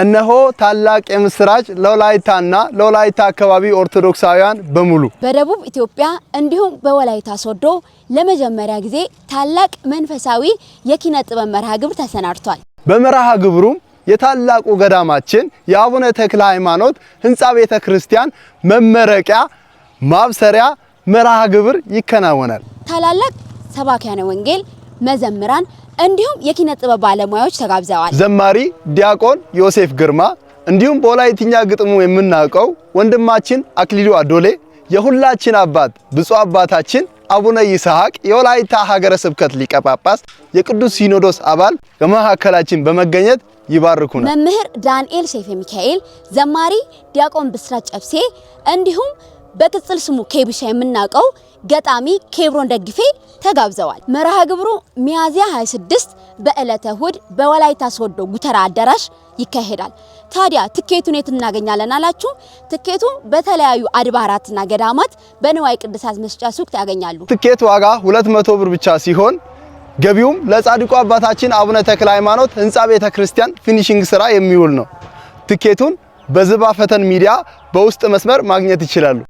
እነሆ ታላቅ የምስራች ለወላይታና ለወላይታ አካባቢ ኦርቶዶክሳውያን በሙሉ በደቡብ ኢትዮጵያ እንዲሁም በወላይታ ሶዶ ለመጀመሪያ ጊዜ ታላቅ መንፈሳዊ የኪነ ጥበብ መርሃ ግብር ተሰናድቷል። በመርሃ ግብሩም የታላቁ ገዳማችን የአቡነ ተክለ ሃይማኖት ህንፃ ቤተ ክርስቲያን መመረቂያ ማብሰሪያ መርሃ ግብር ይከናወናል። ታላላቅ ሰባኪያነ ወንጌል መዘምራን እንዲሁም የኪነ ጥበብ ባለሙያዎች ተጋብዘዋል። ዘማሪ ዲያቆን ዮሴፍ ግርማ እንዲሁም በወላይትኛ ግጥሙ የምናውቀው ወንድማችን አክሊሉ አዶሌ የሁላችን አባት ብፁዕ አባታችን አቡነ ይስሐቅ የወላይታ ሀገረ ስብከት ሊቀ ጳጳስ የቅዱስ ሲኖዶስ አባል በመካከላችን በመገኘት ይባርኩናል። መምህር ዳንኤል ሴፌ ሚካኤል፣ ዘማሪ ዲያቆን ብስራት ጨብሴ እንዲሁም በቅጽል ስሙ ኬብሻ የምናውቀው ገጣሚ ኬብሮን ደግፌ ተጋብዘዋል። መርሃ ግብሩ ሚያዝያ 26 በዕለተ እሁድ በወላይታ ሶዶ ጉተራ አዳራሽ ይካሄዳል። ታዲያ ትኬቱን የት እናገኛለን አላችሁ? ትኬቱ በተለያዩ አድባራትና ገዳማት በንዋይ ቅድሳት መስጫ ሱቅ ያገኛሉ። ትኬት ዋጋ 200 ብር ብቻ ሲሆን ገቢውም ለጻድቁ አባታችን አቡነ ተክለ ሃይማኖት ህንጻ ቤተ ክርስቲያን ፊኒሽንግ ስራ የሚውል ነው። ትኬቱን በዝባ ፈተን ሚዲያ በውስጥ መስመር ማግኘት ይችላሉ።